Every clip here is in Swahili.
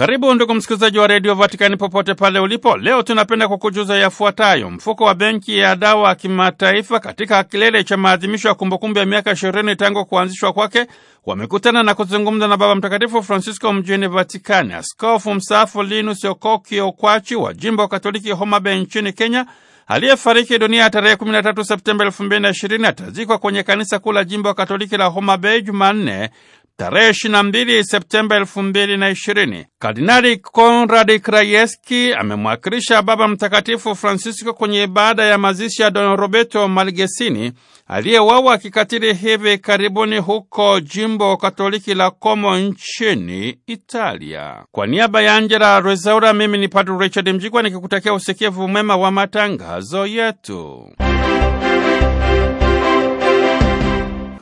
Karibu ndugu msikilizaji wa redio Vatikani popote pale ulipo. Leo tunapenda kukujuza yafuatayo. Mfuko wa benki ya dawa kimataifa katika kilele cha maadhimisho ya kumbukumbu ya miaka ishirini tangu kuanzishwa kwake wamekutana na kuzungumza na Baba Mtakatifu Francisco mjini Vatikani. Askofu msaafu Linus Okoki Okwachi wa jimbo Katoliki Homa Bay nchini Kenya aliyefariki dunia tarehe 13 Septemba 2020 atazikwa kwenye kanisa kuu la jimbo Katoliki la Homa Bay Jumanne tarehe 22 Septemba ishirini Kardinali Konrad Krajewski amemwakilisha Baba Mtakatifu Francisco kwenye ibada ya mazishi ya Don Roberto Malgesini aliyewawa kikatili hivi karibuni huko jimbo Katoliki la Como nchini Italia. Kwa niaba ya Angela Rezaura, mimi ni Padre Richard Mjigwa nikikutakia usikivu mwema wa matangazo yetu.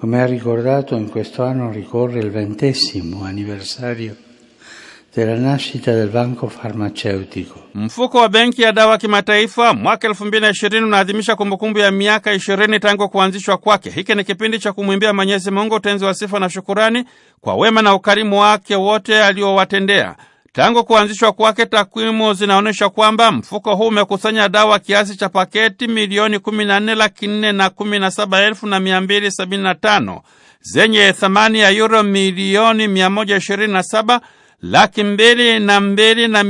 Come ha ricordato, in questo anno ricorre il ventesimo anniversario della nascita del banco farmaceutico. Mfuko wa benki ya e dawa kimataifa mwaka ishirini unaadhimisha kumbukumbu ya miaka ishirini tangu kuanzishwa kwake. Hiki ni kipindi cha kumwimbia Mwenyezi Mungu utenzi wa sifa na shukurani kwa wema na ukarimu wake wote aliowatendea. Tangu kuanzishwa kwake, takwimu zinaonyesha kwamba mfuko huu umekusanya dawa kiasi cha paketi milioni kumi laki na elfu na zenye thamani ya yuro milioni mia laki na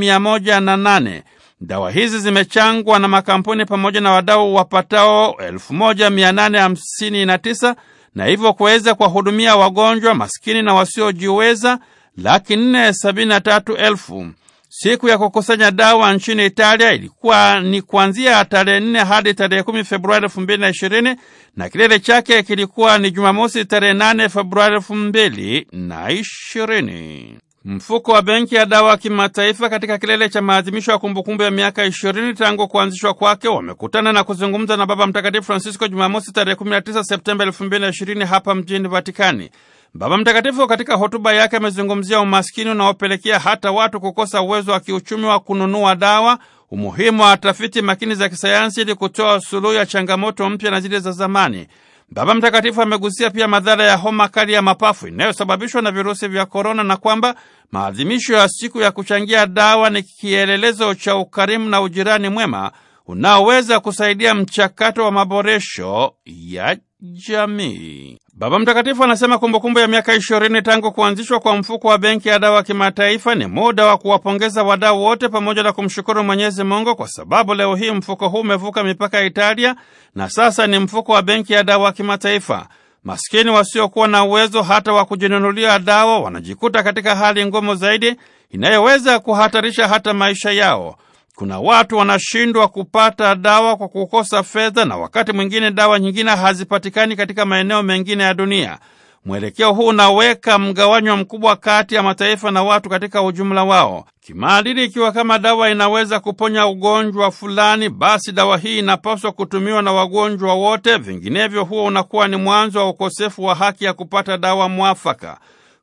na na Dawa hizi zimechangwa na makampuni pamoja na wadau wapatao 1859 na hivyo kuweza kuwahudumia wagonjwa, maskini na wasiojiweza laki nne sabini na tatu elfu. Siku ya kukusanya dawa nchini Italia ilikuwa ni kuanzia tarehe nne hadi tarehe kumi Februari elfu mbili na ishirini na kilele chake kilikuwa ni Jumamosi tarehe nane Februari elfu mbili na ishirini. Mfuko wa Benki ya Dawa Kimataifa katika kilele cha maadhimisho ya kumbukumbu ya miaka ishirini tangu kuanzishwa kwake wamekutana na kuzungumza na Baba Mtakatifu Francisco Jumamosi tarehe 19 Septemba 2020 hapa mjini Vatikani. Baba Mtakatifu katika hotuba yake amezungumzia umaskini unaopelekea hata watu kukosa uwezo wa kiuchumi wa kununua dawa, umuhimu wa tafiti makini za kisayansi ili kutoa suluhu ya changamoto mpya na zile za zamani. Baba Mtakatifu amegusia pia madhara ya homa kali ya mapafu inayosababishwa na virusi vya korona, na kwamba maadhimisho ya siku ya kuchangia dawa ni kielelezo cha ukarimu na ujirani mwema unaoweza kusaidia mchakato wa maboresho ya jamii. Baba Mtakatifu anasema kumbukumbu ya miaka ishirini tangu kuanzishwa kwa mfuko wa benki ya dawa kimataifa ni muda wa kuwapongeza wadau wote pamoja na kumshukuru Mwenyezi Mungu kwa sababu leo hii mfuko huu umevuka mipaka ya Italia na sasa ni mfuko wa benki ya dawa kimataifa. Maskini wasiokuwa na uwezo hata wa kujinunulia dawa wanajikuta katika hali ngumu zaidi inayoweza kuhatarisha hata maisha yao. Kuna watu wanashindwa kupata dawa kwa kukosa fedha, na wakati mwingine dawa nyingine hazipatikani katika maeneo mengine ya dunia. Mwelekeo huu unaweka mgawanyo mkubwa kati ya mataifa na watu katika ujumla wao. Kimaadili, ikiwa kama dawa inaweza kuponya ugonjwa fulani, basi dawa hii inapaswa kutumiwa na wagonjwa wote, vinginevyo huo unakuwa ni mwanzo wa ukosefu wa haki ya kupata dawa mwafaka.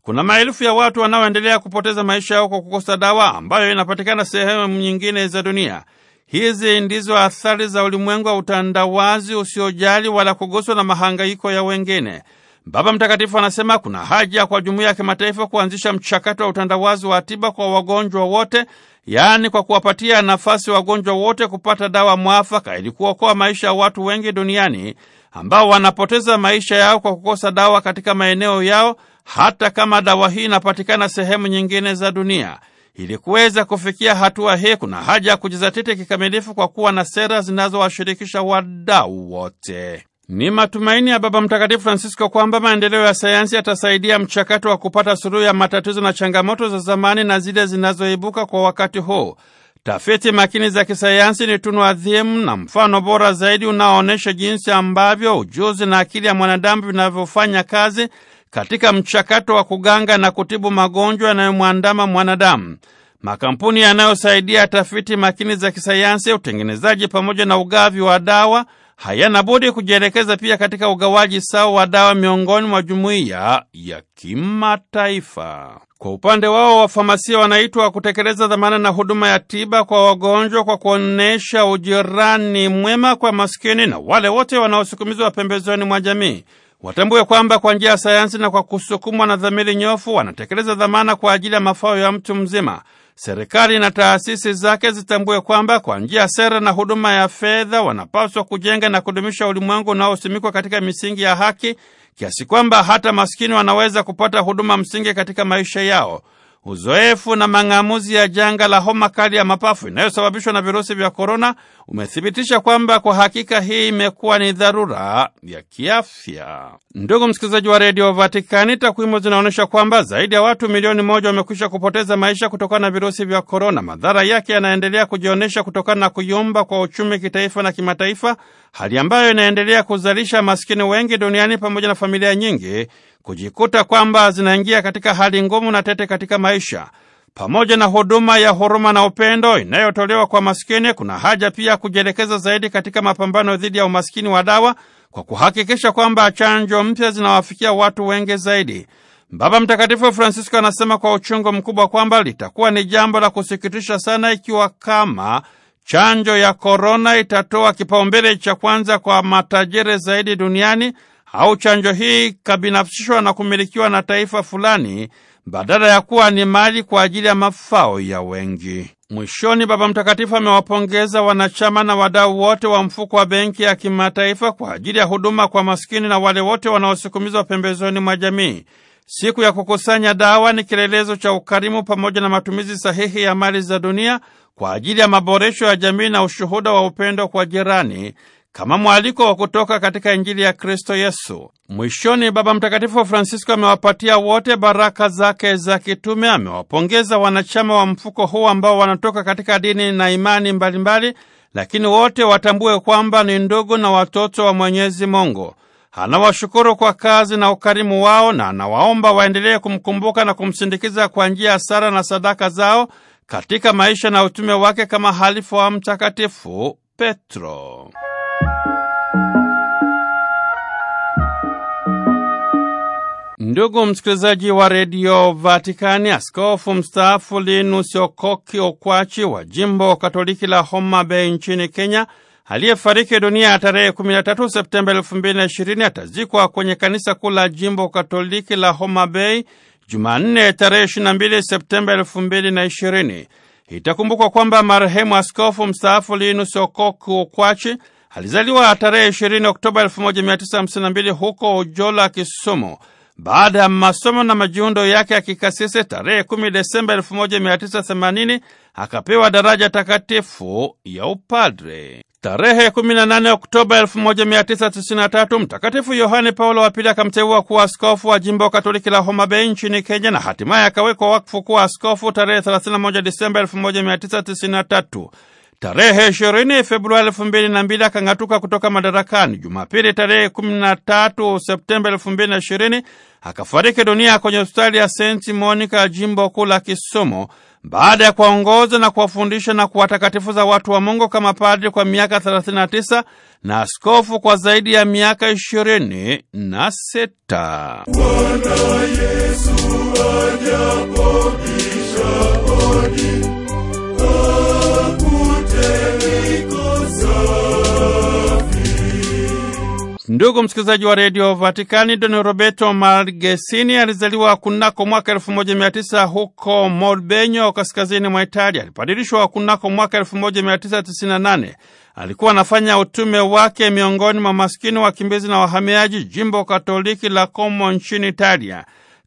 Kuna maelfu ya watu wanaoendelea kupoteza maisha yao kwa kukosa dawa ambayo inapatikana sehemu nyingine za dunia. Hizi ndizo athari za ulimwengu wa utandawazi usiojali wala kuguswa na mahangaiko ya wengine. Baba Mtakatifu anasema kuna haja kwa jumuiya ya kimataifa kuanzisha mchakato wa utandawazi wa tiba kwa wagonjwa wote, yaani kwa kuwapatia nafasi wagonjwa wote kupata dawa mwafaka ili kuokoa maisha ya watu wengi duniani ambao wanapoteza maisha yao kwa kukosa dawa katika maeneo yao hata kama dawa hii inapatikana sehemu nyingine za dunia. Ili kuweza kufikia hatua hii, kuna haja ya kujizatiti kikamilifu kwa kuwa na sera zinazowashirikisha wadau wote. Ni matumaini ya Baba Mtakatifu Francisco kwamba maendeleo ya sayansi yatasaidia mchakato wa kupata suluhu ya matatizo na changamoto za zamani na zile zinazoibuka kwa wakati huu. Tafiti makini za kisayansi ni tunu adhimu na mfano bora zaidi unaoonyesha jinsi ambavyo ujuzi na akili ya mwanadamu vinavyofanya kazi katika mchakato wa kuganga na kutibu magonjwa yanayomwandama mwanadamu. Makampuni yanayosaidia tafiti makini za kisayansi, utengenezaji pamoja na ugavi wa dawa hayana budi kujielekeza pia katika ugawaji sawa wa dawa miongoni mwa jumuiya ya kimataifa. Kwa upande wao, wafamasia wanaitwa kutekeleza dhamana na huduma ya tiba kwa wagonjwa kwa kuonyesha ujirani mwema kwa maskini na wale wote wanaosukumizwa pembezoni mwa jamii watambue kwamba kwa njia ya sayansi na kwa kusukumwa na dhamiri nyofu wanatekeleza dhamana kwa ajili ya mafao ya mtu mzima. Serikali na taasisi zake zitambue kwamba kwa njia ya sera na huduma ya fedha wanapaswa kujenga na kudumisha ulimwengu unaosimikwa katika misingi ya haki, kiasi kwamba hata maskini wanaweza kupata huduma msingi katika maisha yao. Uzoefu na mang'amuzi ya janga la homa kali ya mapafu inayosababishwa na virusi vya korona umethibitisha kwamba kwa hakika hii imekuwa ni dharura ya kiafya. Ndugu msikilizaji wa redio Vatikani, takwimu zinaonyesha kwamba zaidi ya watu milioni moja wamekwisha kupoteza maisha kutokana na virusi vya korona. Madhara yake yanaendelea kujionyesha kutokana na kuyumba kwa uchumi kitaifa na kimataifa, hali ambayo inaendelea kuzalisha maskini wengi duniani pamoja na familia nyingi kujikuta kwamba zinaingia katika hali ngumu na tete katika maisha. Pamoja na huduma ya huruma na upendo inayotolewa kwa maskini, kuna haja pia kujielekeza zaidi katika mapambano dhidi ya umaskini wa dawa kwa kuhakikisha kwamba chanjo mpya zinawafikia watu wengi zaidi. Baba Mtakatifu Francisco anasema kwa uchungu mkubwa kwamba litakuwa ni jambo la kusikitisha sana ikiwa kama chanjo ya korona itatoa kipaumbele cha kwanza kwa matajiri zaidi duniani au chanjo hii kabinafsishwa na kumilikiwa na taifa fulani badala ya kuwa ni mali kwa ajili ya mafao ya wengi. Mwishoni, Baba Mtakatifu amewapongeza wanachama na wadau wote wa mfuko wa benki ya kimataifa kwa ajili ya huduma kwa maskini na wale wote wanaosukumizwa pembezoni mwa jamii. Siku ya kukusanya dawa ni kielelezo cha ukarimu pamoja na matumizi sahihi ya mali za dunia kwa ajili ya maboresho ya jamii na ushuhuda wa upendo kwa jirani kama mwaliko wa kutoka katika Injili ya Kristo Yesu. Mwishoni, Baba Mtakatifu Francisco amewapatia wote baraka zake za kitume. Amewapongeza wanachama wa mfuko huu ambao wanatoka katika dini na imani mbalimbali mbali, lakini wote watambue kwamba ni ndugu na watoto wa Mwenyezi Mungu. Anawashukuru kwa kazi na ukarimu wao na anawaomba waendelee kumkumbuka na kumsindikiza kwa njia ya sala na sadaka zao katika maisha na utume wake kama halifu wa Mtakatifu Petro. Ndugu msikilizaji wa redio Vatikani, askofu mstaafu Linus Okoki Okwachi wa jimbo katoliki la Homa Bay nchini Kenya aliyefariki dunia ya tarehe 13 Septemba 2020 atazikwa kwenye kanisa kuu la jimbo katoliki la Homa Bay Jumanne tarehe 22 Septemba 2020. Itakumbukwa kwamba marehemu askofu mstaafu Linus Okoki Okwachi alizaliwa tarehe 20 Oktoba 1952 huko Ujola, Kisumu. Baada ya masomo na majiundo yake ya kikasisi, tarehe 10 Desemba 1980 akapewa daraja takatifu ya upadre. Tarehe 18 Oktoba 1993 Mtakatifu Yohane Paulo wa Pili akamteua kuwa askofu wa jimbo katoliki la Homa Bay nchini Kenya na hatimaye akawekwa wakfu kuwa askofu tarehe 31 Disemba 1993 tarehe 20 Februari elfu akang'atuka kutoka madarakani. Jumapili tarehe 13 Septemba 2020 akafariki dunia kwenye hospitali ya St Monica, jimbo kuu la Kisumu, baada ya kuwaongoza na kuwafundisha na kuwatakatifuza watu wa Mungu kama padri kwa miaka 39 na askofu kwa zaidi ya miaka 26. Bwana Yesu aja Ndugu msikilizaji wa redio Vatikani, Don Roberto Margesini alizaliwa kunako mwaka elfu moja mia tisa huko Morbenyo, kaskazini mwa Italia. Alipadirishwa kunako mwaka elfu moja mia tisa tisini na nane. Alikuwa anafanya utume wake miongoni mwa maskini, wakimbizi na wahamiaji, jimbo Katoliki la Como nchini Italia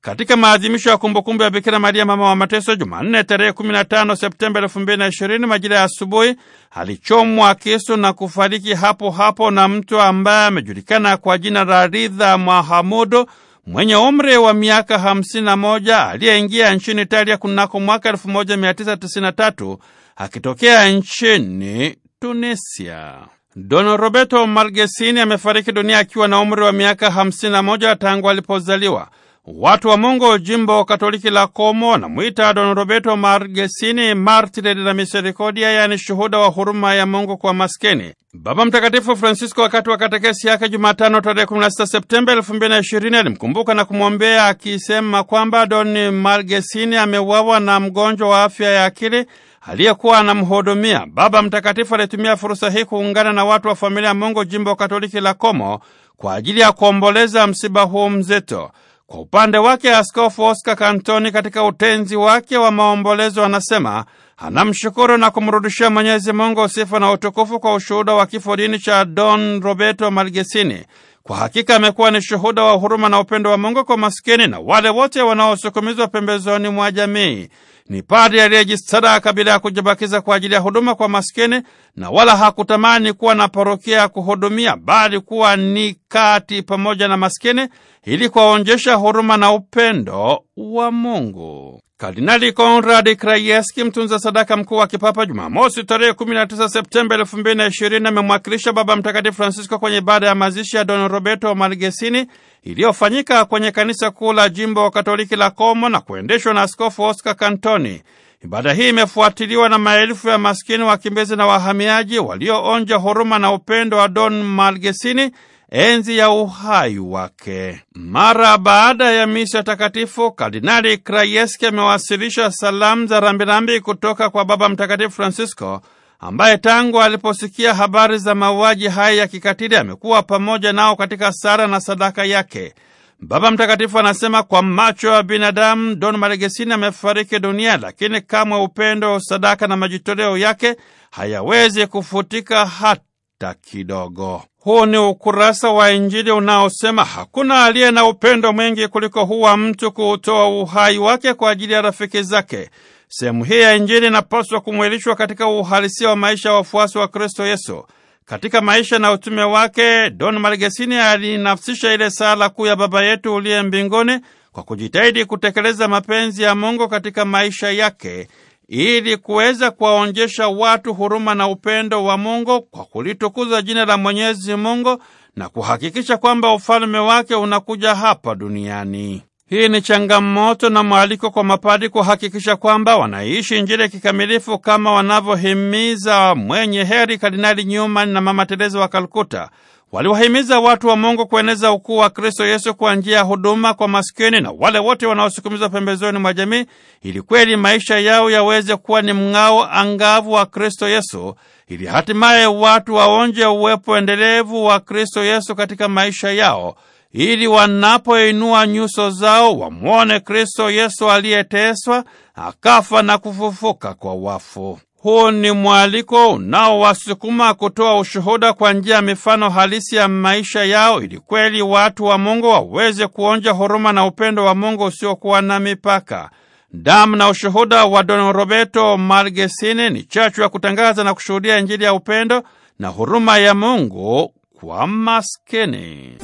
katika maadhimisho ya kumbukumbu ya Bikira Maria mama wa mateso, Jumanne tarehe 15 Septemba 2020 majira ya asubuhi, alichomwa kisu na kufariki hapo hapo na mtu ambaye amejulikana kwa jina la Ridha Mahamudu mwenye umri wa miaka 51 aliyeingia nchini Italia kunako mwaka 1993 akitokea nchini Tunisia. Don Roberto Margesini amefariki dunia akiwa na umri wa miaka 51 tangu alipozaliwa. Watu wa Mungu jimbo Katoliki la Komo wanamwita Don Roberto Margesini, martire de la misericordia, yaani shuhuda wa huruma ya Mungu kwa maskini. Baba Mtakatifu Francisco, wakati wa katekesi yake Jumatano tarehe 16 Septemba 2020, alimkumbuka na kumwombea akisema kwamba Don Margesini ameuawa na mgonjwa wa afya ya akili aliyekuwa anamhudumia. Baba Mtakatifu alitumia fursa hii kuungana na watu wa familia ya Mungu jimbo Katoliki la Komo kwa ajili ya kuomboleza msiba huu mzito. Kwa upande wake Askofu Oscar Kantoni katika utenzi wake wa maombolezo anasema anamshukuru na kumrudishia Mwenyezi Mungu sifa na utukufu kwa ushuhuda wa kifo dini cha Don Roberto Malgesini. Kwa hakika amekuwa ni shuhuda wa huruma na upendo wa Mungu kwa maskini na wale wote wanaosukumizwa pembezoni mwa jamii. Ni padri aliyejisadaka bila ya kujibakiza kwa ajili ya huduma kwa maskini, na wala hakutamani kuwa na parokia ya kuhudumia, bali kuwa ni kati pamoja na maskini ili kuwaonjesha huruma na upendo wa Mungu. Kardinali Konrad Krajewski, mtunza sadaka mkuu wa kipapa, Jumamosi tarehe 19 Septemba 2020 amemwakilisha Baba Mtakatifu Francisco kwenye ibada ya mazishi ya Don Roberto malgesini iliyofanyika kwenye kanisa kuu la jimbo wa Katoliki la Como na kuendeshwa na Askofu Oscar Cantoni. Ibada hii imefuatiliwa na maelfu ya maskini, wakimbizi na wahamiaji walioonja huruma na upendo wa Don malgesini enzi ya uhai wake. Mara baada ya misa takatifu, Kardinali Krayeski amewasilisha salamu za rambirambi kutoka kwa Baba Mtakatifu Francisco ambaye tangu aliposikia habari za mauaji haya ya kikatili amekuwa pamoja nao katika sala na sadaka yake. Baba Mtakatifu anasema kwa macho ya binadamu, Don Malegesini amefariki dunia, lakini kamwe upendo, sadaka na majitoleo yake hayawezi kufutika hata hata kidogo. Huu ni ukurasa wa Injili unaosema hakuna aliye na upendo mwingi kuliko huwa mtu kuutoa uhai wake kwa ajili ya rafiki zake. Sehemu hii ya Injili inapaswa kumwilishwa katika uhalisia wa maisha ya wafuasi wa Kristo Yesu. Katika maisha na utume wake, Don Malgesini alinafsisha ile sala kuu ya Baba yetu uliye mbinguni kwa kujitahidi kutekeleza mapenzi ya Mungu katika maisha yake ili kuweza kuwaonjesha watu huruma na upendo wa Mungu kwa kulitukuza jina la Mwenyezi Mungu na kuhakikisha kwamba ufalme wake unakuja hapa duniani. Hii ni changamoto na mwaliko kwa mapadi kuhakikisha kwamba wanaishi Injili kikamilifu kama wanavyohimiza mwenye heri Kardinali Newman na Mama Teresa wa Kalkuta. Waliwahimiza watu wa Mungu kueneza ukuu wa Kristo Yesu kwa njia ya huduma kwa maskini na wale wote wanaosukumizwa pembezoni mwa jamii, ili kweli maisha yao yaweze kuwa ni mng'ao angavu wa Kristo Yesu, ili hatimaye watu waonje uwepo endelevu wa Kristo Yesu katika maisha yao, ili wanapoinua nyuso zao wamwone Kristo Yesu aliyeteswa, akafa na kufufuka kwa wafu. Huu ni mwaliko unaowasukuma kutoa ushuhuda kwa njia ya mifano halisi ya maisha yao, ili kweli watu wa Mungu waweze kuonja huruma na upendo wa Mungu usiokuwa na mipaka. Damu na ushuhuda wa Don Roberto malgesini ni chachu ya kutangaza na kushuhudia Injili ya upendo na huruma ya Mungu kwa maskini.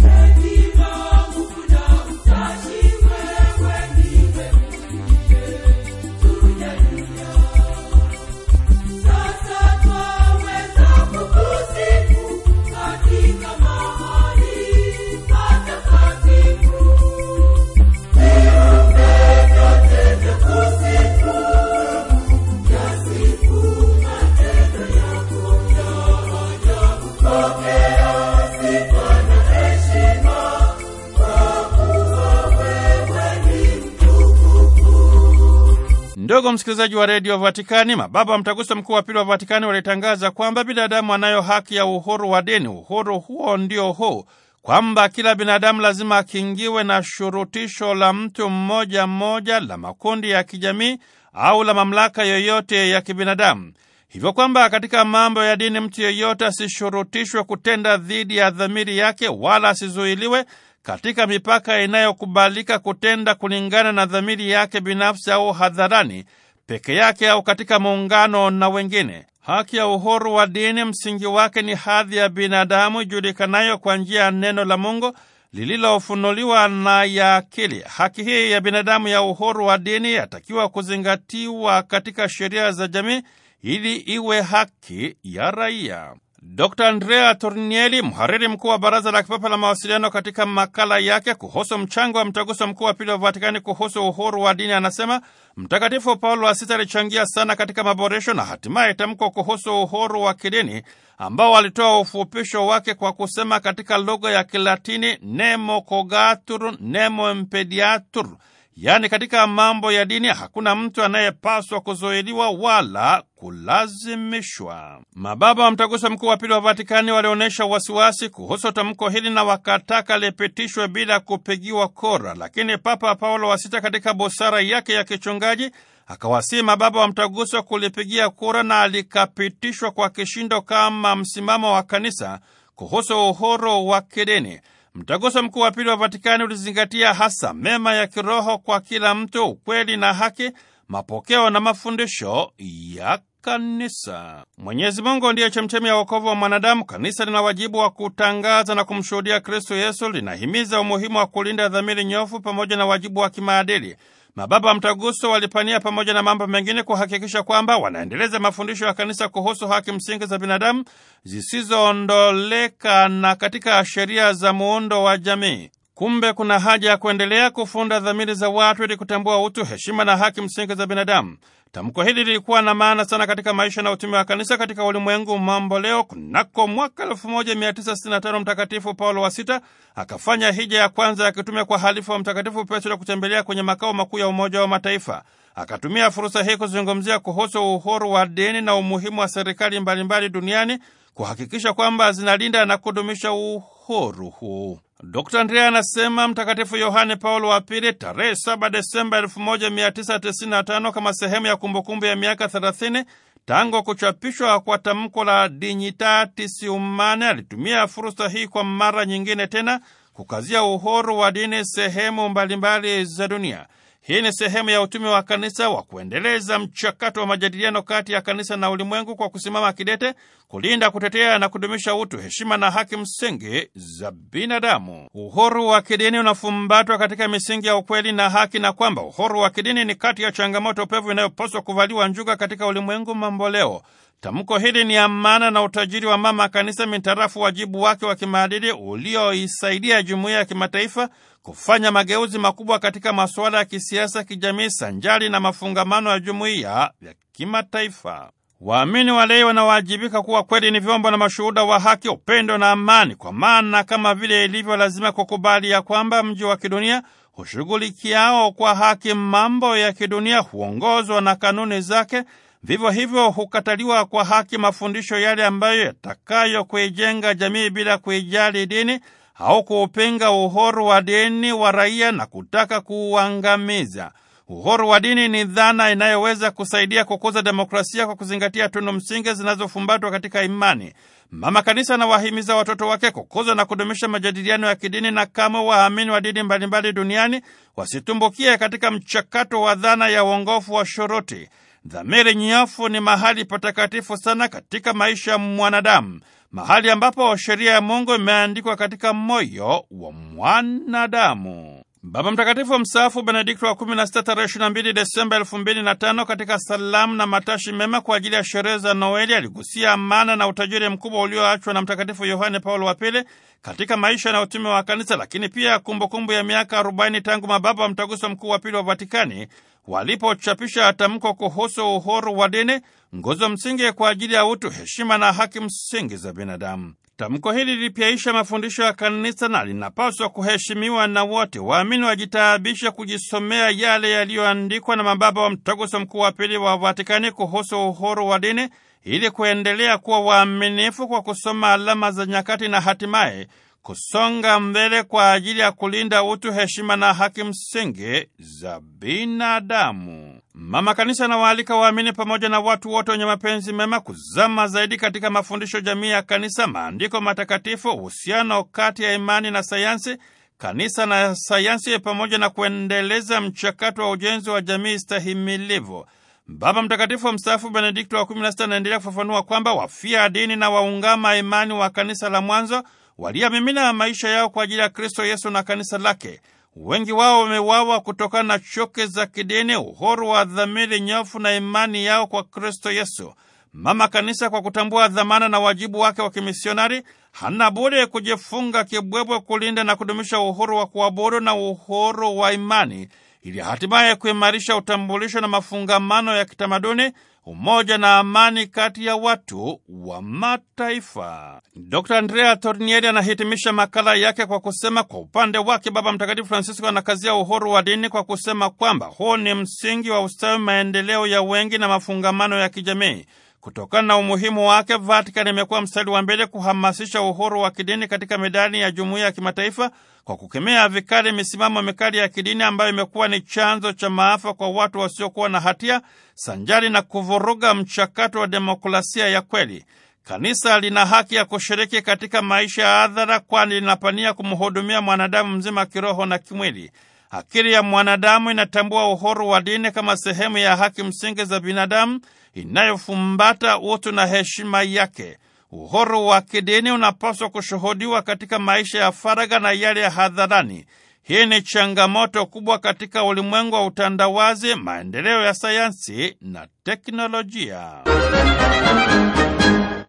Ndugu msikilizaji wa redio Vatikani, mababa wa mtaguso mkuu wa pili wa Vatikani walitangaza kwamba binadamu anayo haki ya uhuru wa dini. Uhuru huo ndio huu kwamba kila binadamu lazima akingiwe na shurutisho la mtu mmoja mmoja, la makundi ya kijamii au la mamlaka yoyote ya kibinadamu, hivyo kwamba katika mambo ya dini mtu yeyote asishurutishwe kutenda dhidi ya dhamiri yake wala asizuiliwe katika mipaka inayokubalika kutenda kulingana na dhamiri yake binafsi au hadharani peke yake au katika muungano na wengine. Haki ya uhuru wa dini msingi wake ni hadhi ya binadamu ijulikanayo kwa njia ya neno la Mungu lililofunuliwa na ya akili. Haki hii ya binadamu ya uhuru wa dini yatakiwa kuzingatiwa katika sheria za jamii ili iwe haki ya raia. Dr. Andrea tornieli mhariri mkuu wa Baraza la Kipapa la Mawasiliano, katika makala yake kuhusu mchango wa mtaguso mkuu wa pili wa Vatikani kuhusu uhuru wa dini anasema Mtakatifu Paulo wa Sita alichangia sana katika maboresho na hatimaye tamko kuhusu uhuru wa kidini ambao alitoa ufupisho wake kwa kusema katika lugha ya Kilatini nemo cogatur nemo impediatur yaani katika mambo ya dini hakuna mtu anayepaswa kuzuiliwa wala kulazimishwa. Mababa wa mtaguso mkuu wa pili wa Vatikani walionyesha wasiwasi kuhusu tamko hili na wakataka lipitishwe bila kupigiwa kora, lakini Papa Paulo wa Sita katika busara yake ya kichungaji akawasihi mababa wa mtaguso kulipigia kura na likapitishwa kwa kishindo kama msimamo wa kanisa kuhusu uhuru wa kidini. Mtaguso Mkuu wa Pili wa Vatikani ulizingatia hasa mema ya kiroho kwa kila mtu, ukweli na haki, mapokeo na mafundisho ya kanisa. Mwenyezi Mungu ndiye chemchemi ya wokovu wa mwanadamu. Kanisa lina wajibu wa kutangaza na kumshuhudia kristu Yesu. Linahimiza umuhimu wa kulinda dhamiri nyofu pamoja na wajibu wa kimaadili. Mababa wa mtaguso walipania pamoja na mambo mengine kuhakikisha kwamba wanaendeleza mafundisho ya kanisa kuhusu haki msingi za binadamu zisizoondoleka na katika sheria za muundo wa jamii. Kumbe kuna haja ya kuendelea kufunda dhamiri za watu ili kutambua utu, heshima na haki msingi za binadamu. Tamko hili lilikuwa na maana sana katika maisha na utume wa kanisa katika ulimwengu mambo leo. Kunako mwaka 1965 Mtakatifu Paulo wa Sita akafanya hija ya kwanza ya kitume kwa halifa wa Mtakatifu Petro kutembelea kwenye makao makuu ya Umoja wa Mataifa. Akatumia fursa hii kuzungumzia kuhusu uhuru wa dini na umuhimu wa serikali mbalimbali duniani kuhakikisha kwamba zinalinda na kudumisha uhuru huu. Dr. Andrea anasema Mtakatifu Yohane Paulo wa Pili tarehe 7 Desemba 1995 kama sehemu ya kumbukumbu ya miaka 30 tangu kuchapishwa kwa tamko la Dignitatis Humanae alitumia fursa hii kwa mara nyingine tena kukazia uhuru wa dini sehemu mbalimbali za dunia. Hii ni sehemu ya utume wa kanisa wa kuendeleza mchakato wa majadiliano kati ya kanisa na ulimwengu kwa kusimama kidete, kulinda, kutetea na kudumisha utu, heshima na haki msingi za binadamu. Uhuru wa kidini unafumbatwa katika misingi ya ukweli na haki, na kwamba uhuru wa kidini ni kati ya changamoto pevu inayopaswa kuvaliwa njuga katika ulimwengu mamboleo. Tamko hili ni amana na utajiri wa mama kanisa mitarafu wajibu wake wa kimaadili ulioisaidia jumuiya ya kimataifa kufanya mageuzi makubwa katika masuala ya kisiasa, kijamii, sanjari na mafungamano ya jumuiya ya kimataifa. Waamini walei wanawajibika kuwa kweli ni vyombo na mashuhuda wa haki, upendo na amani, kwa maana kama vile ilivyo lazima kukubali ya kwamba mji wa kidunia hushughulikiao kwa haki mambo ya kidunia huongozwa na kanuni zake Vivyo hivyo hukataliwa kwa haki mafundisho yale ambayo yatakayo kuijenga jamii bila kuijali dini au kuupinga uhuru wa dini wa raia na kutaka kuuangamiza. Uhuru wa dini ni dhana inayoweza kusaidia kukuza demokrasia kwa kuzingatia tunu msingi zinazofumbatwa katika imani. Mama Kanisa anawahimiza watoto wake kukuza na kudumisha majadiliano ya kidini, na kama waamini wa dini mbalimbali duniani wasitumbukie katika mchakato wa dhana ya uongofu wa shuruti. Dhamiri nyafu ni mahali patakatifu sana katika maisha ya mwanadamu, mahali ambapo sheria ya Mungu imeandikwa katika moyo wa mwanadamu. Baba Mtakatifu mstaafu Benedikto wa 16 tarehe Desemba 25 katika salamu na matashi mema kwa ajili ya sherehe za Noeli aligusia amana na utajiri mkubwa ulioachwa na Mtakatifu Yohane Paulo wa Pili katika maisha na utume wa Kanisa, lakini pia kumbukumbu kumbu ya miaka 40 tangu mababa wa Mtaguso Mkuu wa Pili wa Vatikani walipochapisha tamko kuhusu uhuru wa dini, nguzo msingi kwa ajili ya utu, heshima na haki msingi za binadamu. Tamko hili lilipyaisha mafundisho ya Kanisa na linapaswa kuheshimiwa na wote. Waamini wajitaabishe kujisomea yale yaliyoandikwa na mababa wa Mtaguso Mkuu wa Pili wa Vatikani kuhusu uhuru wa dini ili kuendelea kuwa waaminifu kwa kusoma alama za nyakati na hatimaye kusonga mbele kwa ajili ya kulinda utu, heshima na haki msingi za binadamu. Mama Kanisa anawaalika waamini pamoja na watu wote wenye mapenzi mema kuzama zaidi katika mafundisho jamii ya kanisa, maandiko matakatifu, uhusiano kati ya imani na sayansi, kanisa na sayansi, pamoja na kuendeleza mchakato wa ujenzi wa jamii stahimilivu. Baba Mtakatifu wa mstaafu Benedikto wa 16 anaendelea kufafanua kwamba wafia dini na waungama imani wa kanisa la mwanzo waliamimina maisha yao kwa ajili ya Kristo Yesu na kanisa lake. Wengi wao wameuawa kutokana na choke za kidini, uhuru wa dhamiri nyofu na imani yao kwa Kristo Yesu. Mama Kanisa, kwa kutambua dhamana na wajibu wake wa kimisionari, hana budi kujifunga kibwebwe kulinda na kudumisha uhuru wa kuabudu na uhuru wa imani, ili hatimaye kuimarisha utambulisho na mafungamano ya kitamaduni umoja na amani kati ya watu wa mataifa. Dr. Andrea Tornieri anahitimisha makala yake kwa kusema, kwa upande wake Baba Mtakatifu Francisco anakazia uhuru wa dini kwa kusema kwamba huu ni msingi wa ustawi, maendeleo ya wengi na mafungamano ya kijamii. Kutokana na umuhimu wake, Vatikani imekuwa mstari wa mbele kuhamasisha uhuru wa kidini katika medani ya jumuiya ya kimataifa kwa kukemea vikali misimamo mikali ya kidini ambayo imekuwa ni chanzo cha maafa kwa watu wasiokuwa na hatia, sanjari na kuvuruga mchakato wa demokrasia ya kweli. Kanisa lina haki ya kushiriki katika maisha ya hadhara, kwani linapania kumhudumia mwanadamu mzima kiroho na kimwili. Akili ya mwanadamu inatambua uhuru wa dini kama sehemu ya haki msingi za binadamu inayofumbata utu na heshima yake. Uhuru wa kidini unapaswa kushuhudiwa katika maisha ya faraga na yale ya hadharani. Hii ni changamoto kubwa katika ulimwengu wa utandawazi, maendeleo ya sayansi na teknolojia.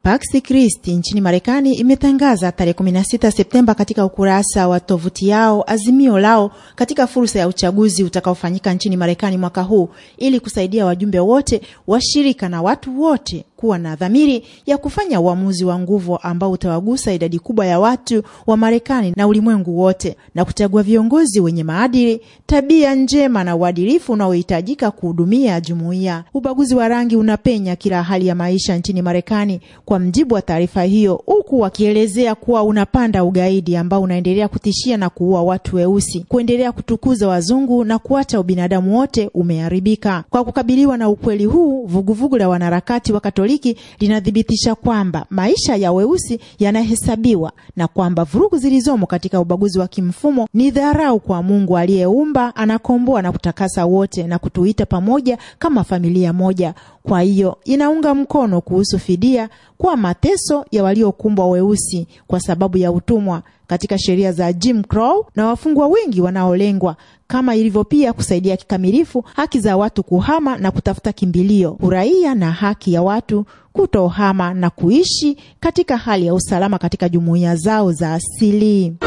Pax Christi nchini Marekani imetangaza tarehe 16 Septemba katika ukurasa wa tovuti yao azimio lao katika fursa ya uchaguzi utakaofanyika nchini Marekani mwaka huu ili kusaidia wajumbe wote, washirika na watu wote kuwa na dhamiri ya kufanya uamuzi wa nguvu ambao utawagusa idadi kubwa ya watu wa Marekani na ulimwengu wote na kuchagua viongozi wenye maadili, tabia njema na uadilifu unaohitajika kuhudumia jumuiya. Ubaguzi wa rangi unapenya kila hali ya maisha nchini Marekani, kwa mjibu wa taarifa hiyo, huku wakielezea kuwa unapanda ugaidi ambao unaendelea kutishia na kuua watu weusi, kuendelea kutukuza wazungu na kuacha ubinadamu wote umeharibika. Kwa kukabiliwa na ukweli huu, vuguvugu la wanaharakati wakati Katoliki linathibitisha kwamba maisha ya weusi yanahesabiwa na kwamba vurugu zilizomo katika ubaguzi wa kimfumo ni dharau kwa Mungu aliyeumba, anakomboa na kutakasa wote na kutuita pamoja kama familia moja. Kwa hiyo inaunga mkono kuhusu fidia kwa mateso ya waliokumbwa weusi kwa sababu ya utumwa katika sheria za Jim Crow na wafungwa wengi wanaolengwa kama ilivyo pia kusaidia kikamilifu haki za watu kuhama na kutafuta kimbilio, uraia na haki ya watu kutohama na kuishi katika hali ya usalama katika jumuiya zao za asili.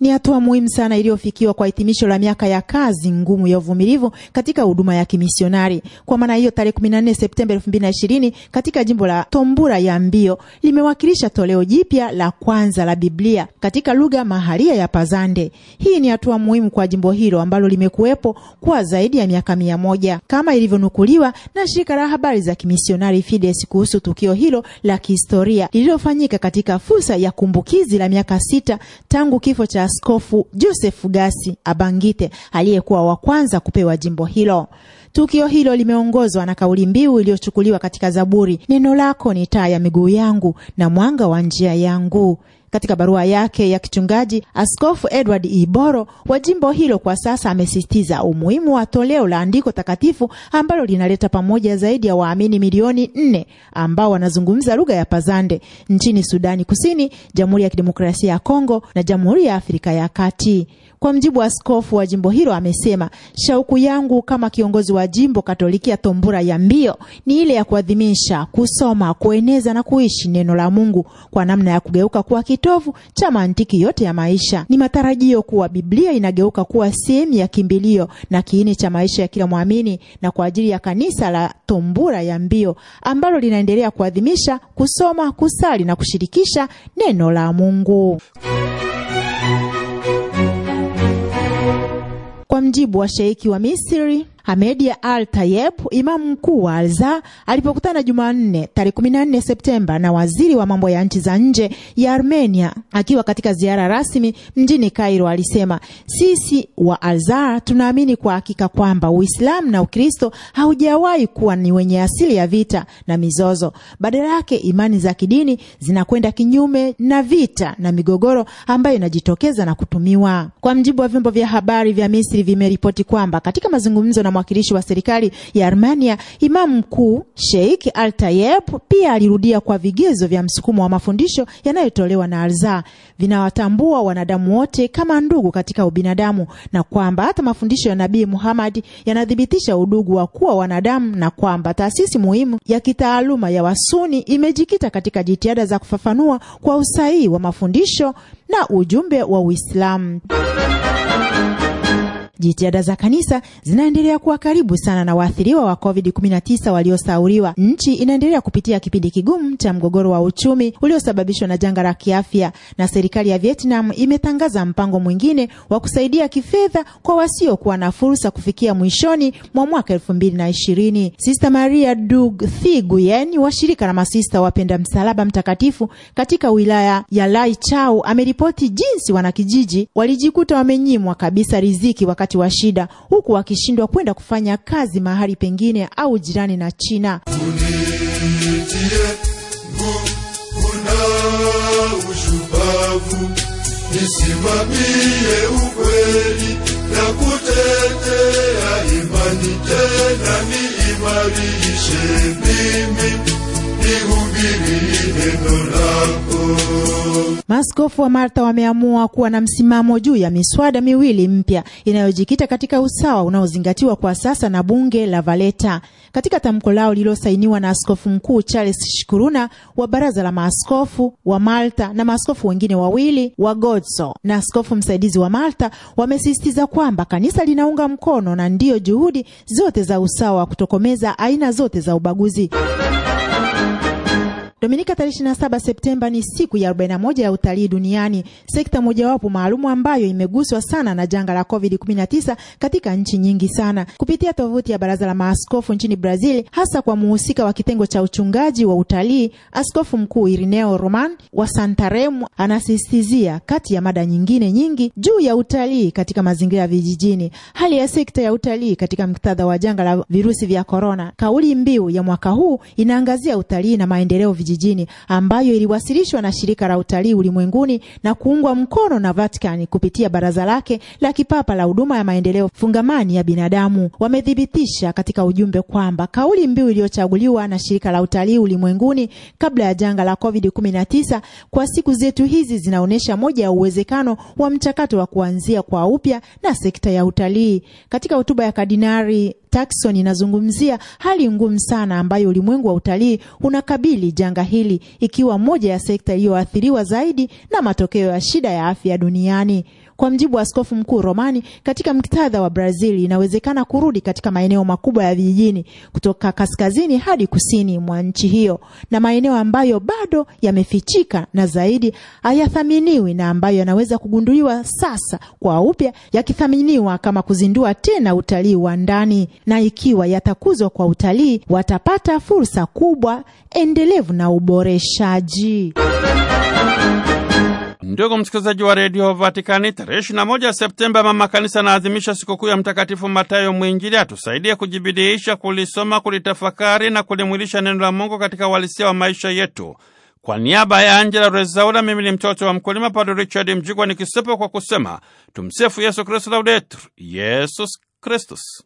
Ni hatua muhimu sana iliyofikiwa kwa hitimisho la miaka ya kazi ngumu ya uvumilivu katika huduma ya kimisionari. Kwa maana hiyo, tarehe 14 Septemba 2020 katika jimbo la Tombura ya Mbio limewakilisha toleo jipya la kwanza la Biblia katika lugha mahalia ya Pazande. Hii ni hatua muhimu kwa jimbo hilo ambalo limekuwepo kwa zaidi ya miaka mia moja kama ilivyonukuliwa na shirika la habari za kimisionari Fides kuhusu tukio hilo la kihistoria lililofanyika katika fursa ya kumbukizi la miaka sita tangu kifo cha Askofu Joseph Gasi Abangite aliyekuwa wa kwanza kupewa jimbo hilo. Tukio hilo limeongozwa na kauli mbiu iliyochukuliwa katika Zaburi, neno lako ni taa ya miguu yangu na mwanga wa njia yangu. Katika barua yake ya kichungaji, Askofu Edward Iboro e. wa jimbo hilo kwa sasa amesisitiza umuhimu wa toleo la andiko takatifu ambalo linaleta pamoja zaidi ya waamini milioni nne ambao wanazungumza lugha ya Pazande nchini Sudani Kusini, Jamhuri ya Kidemokrasia ya Kongo na Jamhuri ya Afrika ya Kati. Kwa mjibu wa askofu wa jimbo hilo, amesema shauku yangu kama kiongozi wa jimbo Katoliki ya Tombura ya Mbio ni ile ya kuadhimisha, kusoma, kueneza na kuishi neno la Mungu kwa namna ya kugeuka kuwa kitovu cha mantiki yote ya maisha. Ni matarajio kuwa Biblia inageuka kuwa sehemu ya kimbilio na kiini cha maisha ya kila mwamini, na kwa ajili ya kanisa la Tombura ya Mbio ambalo linaendelea kuadhimisha, kusoma, kusali na kushirikisha neno la Mungu. Kwa mjibu wa sheiki wa Misri, hamedia Al Tayeb, imamu mkuu wa alza alipokutana Jumanne tarehe 14 Septemba na waziri wa mambo ya nchi za nje ya Armenia akiwa katika ziara rasmi mjini Cairo, alisema sisi wa alza tunaamini kwa hakika kwamba Uislamu na Ukristo haujawahi kuwa ni wenye asili ya vita na mizozo. Badala yake, imani za kidini zinakwenda kinyume na vita na migogoro ambayo inajitokeza na kutumiwa. Kwa mjibu wa vyombo vya habari vya Misri vimeripoti kwamba katika mazungumzo na mwakilishi wa serikali ya Armenia, imamu mkuu Sheikh Al Tayeb pia alirudia kwa vigezo vya msukumo wa mafundisho yanayotolewa na Alza vinawatambua wanadamu wote kama ndugu katika ubinadamu na kwamba hata mafundisho ya Nabii Muhammad yanathibitisha udugu wa kuwa wanadamu na kwamba taasisi muhimu ya kitaaluma ya Wasuni imejikita katika jitihada za kufafanua kwa usahihi wa mafundisho na ujumbe wa Uislamu jitihada za kanisa zinaendelea kuwa karibu sana na waathiriwa wa COVID-19 waliosauriwa. Nchi inaendelea kupitia kipindi kigumu cha mgogoro wa uchumi uliosababishwa na janga la kiafya, na serikali ya Vietnam imetangaza mpango mwingine wa kusaidia kifedha kwa wasiokuwa na fursa kufikia mwishoni mwa mwaka elfu mbili na ishirini. Sista Maria Dug Thi Guyen wa shirika la masista wapenda msalaba mtakatifu katika wilaya ya Lai Chau ameripoti jinsi wanakijiji walijikuta wamenyimwa kabisa riziki wakati wakati wa shida, huku wakishindwa kwenda kufanya kazi mahali pengine au jirani na China. Tunitie nguvuna ushupavu, nisimamie ukweli na kutetea imani, tena niimarishe mimi Maaskofu wa Malta wameamua kuwa na msimamo juu ya miswada miwili mpya inayojikita katika usawa unaozingatiwa kwa sasa na bunge la Valeta. Katika tamko lao lililosainiwa na askofu mkuu Charles Shikuruna wa baraza la maaskofu wa Malta na maaskofu wengine wawili wa Godso na askofu msaidizi wa Malta, wamesisitiza kwamba kanisa linaunga mkono na ndiyo juhudi zote za usawa wa kutokomeza aina zote za ubaguzi. Dominika tarehe 27 Septemba ni siku ya 41 ya utalii duniani, sekta mojawapo maalumu ambayo imeguswa sana na janga la COVID-19 katika nchi nyingi sana. Kupitia tovuti ya Baraza la Maaskofu nchini Brazil, hasa kwa muhusika wa kitengo cha uchungaji wa utalii, Askofu Mkuu Irineo Roman wa Santaremu anasisitizia kati ya mada nyingine nyingi juu ya utalii katika mazingira ya vijijini, hali ya sekta ya utalii katika mktadha wa janga la virusi vya korona. Kauli mbiu ya mwaka huu inaangazia utalii na maendeleo vijijini jijini ambayo iliwasilishwa na shirika la utalii ulimwenguni na kuungwa mkono na Vatican kupitia baraza lake la kipapa la huduma ya maendeleo fungamani ya binadamu. Wamethibitisha katika ujumbe kwamba kauli mbiu iliyochaguliwa na shirika la utalii ulimwenguni kabla ya janga la COVID-19 kwa siku zetu hizi zinaonyesha moja ya uwezekano wa mchakato wa kuanzia kwa upya na sekta ya utalii. Katika hotuba ya Kardinari Takson inazungumzia hali ngumu sana ambayo ulimwengu wa utalii unakabili janga hili, ikiwa moja ya sekta iliyoathiriwa zaidi na matokeo ya shida ya afya duniani. Kwa mjibu wa askofu mkuu Romani, katika mktadha wa Brazil inawezekana kurudi katika maeneo makubwa ya vijijini kutoka kaskazini hadi kusini mwa nchi hiyo, na maeneo ambayo bado yamefichika na zaidi hayathaminiwi na ambayo yanaweza kugunduliwa sasa kwa upya, yakithaminiwa kama kuzindua tena utalii wa ndani na ikiwa yatakuzwa kwa utalii watapata fursa kubwa endelevu na uboreshaji. Ndugu msikilizaji wa redio Vatikani, tarehe 21 Septemba mama kanisa anaadhimisha sikukuu ya Mtakatifu Matayo Mwinjili. Atusaidie kujibidiisha kulisoma, kulitafakari na kulimwilisha neno la Mungu katika uhalisia wa maisha yetu. Kwa niaba ya Angela Rezaula, mimi ni mtoto wa mkulima Padre Richard Mjigwa nikisepa kwa kusema tumsifu Yesu Kristu, laudetur Yesus Kristus.